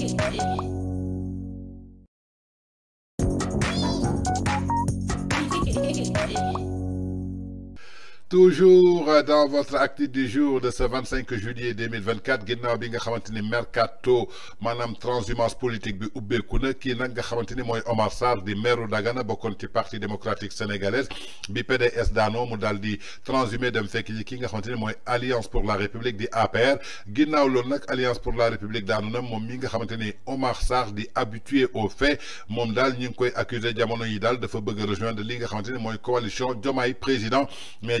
Thank you. toujours dans votre acte du jour de ce 25 juillet 2024 ginnaaw bi nga xamante mercato Madame transhumance politique bi qui na pas nag nga xamante ni Omar Sarr di maire Dagana bokkoon ci parti démocratique sénégalaise bi PDS Dano, mu daal di transhumé dem fekk qui ki nga xamante ni alliance pour la république di APR ginnaaw loolu alliance pour la république daanu na mi nga xamante Omar Sarr di habitué au fait moom daal ñu koy accusé jamono yi daal dafa bëgg la rejoindre li nga xamante ni coalition Diomaye président mais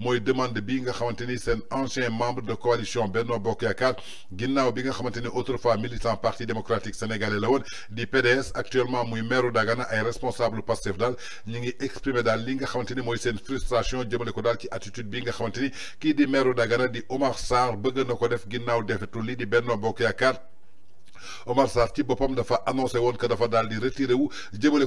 moy demande bi nga xamanteni un ancien membre de coalition Benno Bokk Yaakaar Binga bi nga autrefois militant parti démocratique sénégalais la di PDS actuellement muy maire Dagana ay responsable Pastef dal ñi ngi exprimer dans li nga xamanteni moy sen frustration jëmale ko dal ci attitude bi nga xamanteni qui dit di maire Dagana di Omar Sarr bëgg n'okodef def ginnaw di Benno Omar Sarti bopom dafa annoncé won que dafa dal di retiré wu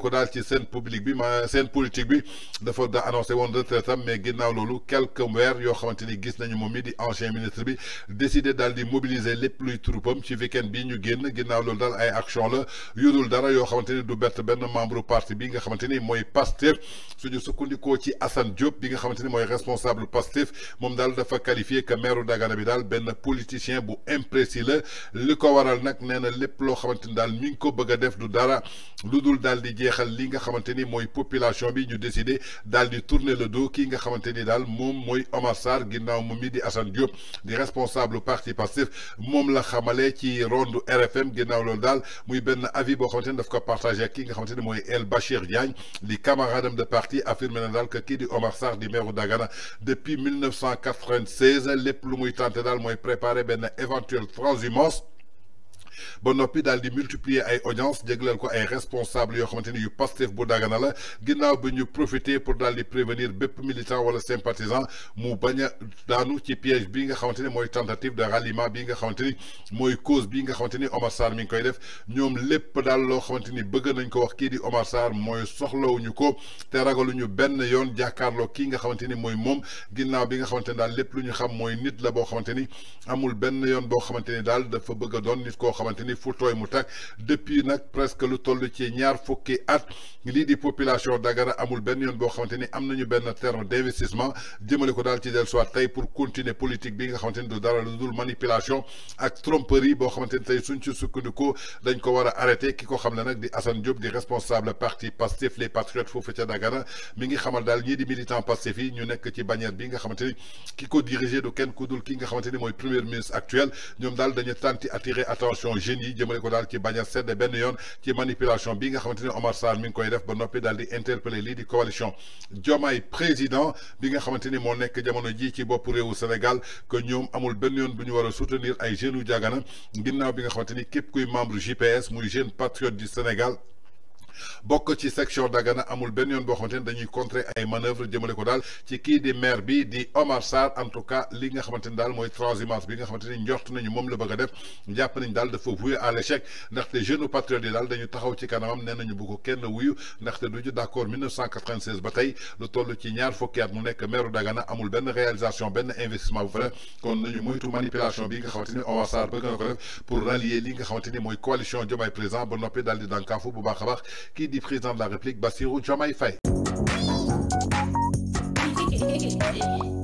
ko dal ci scène publique bi ma scène politique bi dafa da annoncé retraite mais ginnaw loolu quelques weer yo xamanteni gis nañu momi di ancien ministre bi décidé dal di mobiliser les plus troupes ci weekend bi ñu génn ginnaw loolu dal ay action la yudul dara yo xamanteni du bett ben membre parti bi nga xamanteni moy pasteur suñu sukkandikoo ci Assane Diop bi nga xamanteni moy responsable pastif mom dal dafa qualifié que maire Dagana bi dal ben politicien bu imprécis le li ko waral nak na lépp loo xamante ni mi ngi ko bëgg def du dara lu dal di jéxal li nga xamante moy population bi ñu décidé dal di tourner le dos ki nga xamante dal mom moy Omar Sarr ginnaw mu mi di Assane Diop di responsable parti Pastef mom la xamalé ci rondu RFM ginnaw lool dal muy benn avis bo xamante daf ko partagé ak ki nga xamante moy El Bachir Diagne li camarade de parti affirmé na daal que ki di Omar Sarr di maire Dagana depuis 1996 lepp lu muy tenté dal moy préparer benn éventuelle transhumance bonopidal noppi à di multiplier ay audience jégleel ko ay responsable yo xamanteni yu Pastef bu Dagana la ginnaw bi ñu profiter pour d'aller di prévenir bép militant wala sympathisant mu baña a ci piège bi nga xamanteni moy tentative de ralliement bi nga xamanteni moy cause bi nga xamanteni Omar Sarr mi ngi koy def ñom lepp dal lo xamanteni bëgg nañ ko wax ki di Omar Sarr mooy soxlawuñu ko te ragaluñu ben yoon jàkkaarloo ki nga xamanteni moy mom ginnaw bi nga xamanteni dal lepp lu ñu xam moy nit la bo xamanteni amul ben yoon bo xamanteni dal dafa bëgg nit ko xamante ni mu tàkk depuis nag presque lu toll ci ñaar fukki at lii di population d'Agara, amul benn yoon boo xamante ni am nañu benn terme d' investissement jëmale ko ci dellu soit tey pour continuer politique bi nga xamante ni du dara lu dul manipulation ak tromperie boo xamante ni tey suñ ci sukkandiku dañ ko war a arrêté ki ko xam ne di Assane Diop di responsable parti Pastef les patriotes foofu ca Dagana mi ngi xamal daal ñii di militant Pastef yi ñu nekk ci bannière bi nga xamante ni ki ko dirigé du kenn ku dul ki nga xamante ni premier ministre actuel ñoom daal dañu tànti attirer attention pression jeunes yi jëmale ko daal ci bañ a sedd benn ci manipulation bi nga xamante Omar sall mi ngi koy def ba noppi daal di interpellé lii di coalition Jomay président bi nga xamante mo nek nekk jamono ji ci bop réewu Sénégal que ñoom amul ben yoon bu ñu soutenir ay jeunes u Dagana bi nga xamante képp kuy membre JPS muy jeune patriote du Sénégal bokk ci section Dagana amul benn yoon boo xamante ne dañuy contrer ay manœuvres jëmale ko daal ci kii di maire bi di Omar Sarr en tout cas li nga xamante ni daal mooy transhumance bi nga xamante ni njort nañu moom la bëgg a def jàpp nañ daal dafa voué à l'échec ndaxte jeune patriotes yi daal dañu taxaw ci kanamam nee nañu bu ko kenn wuyu ndaxte duñu d'accord 1996 ba tey lu toll ci ñaar fukki at mu nekk maire Dagana amul benn réalisation benn investissement bu fa kon nañu moytu manipulation bi nga xamante ni Omar Sarr bëgg na ko def pour rallier li nga xamante ni mooy coalition Diomaye président ba noppi daal di dànkaafu bu baax a baax qui dit président de la République Bassirou Jamaï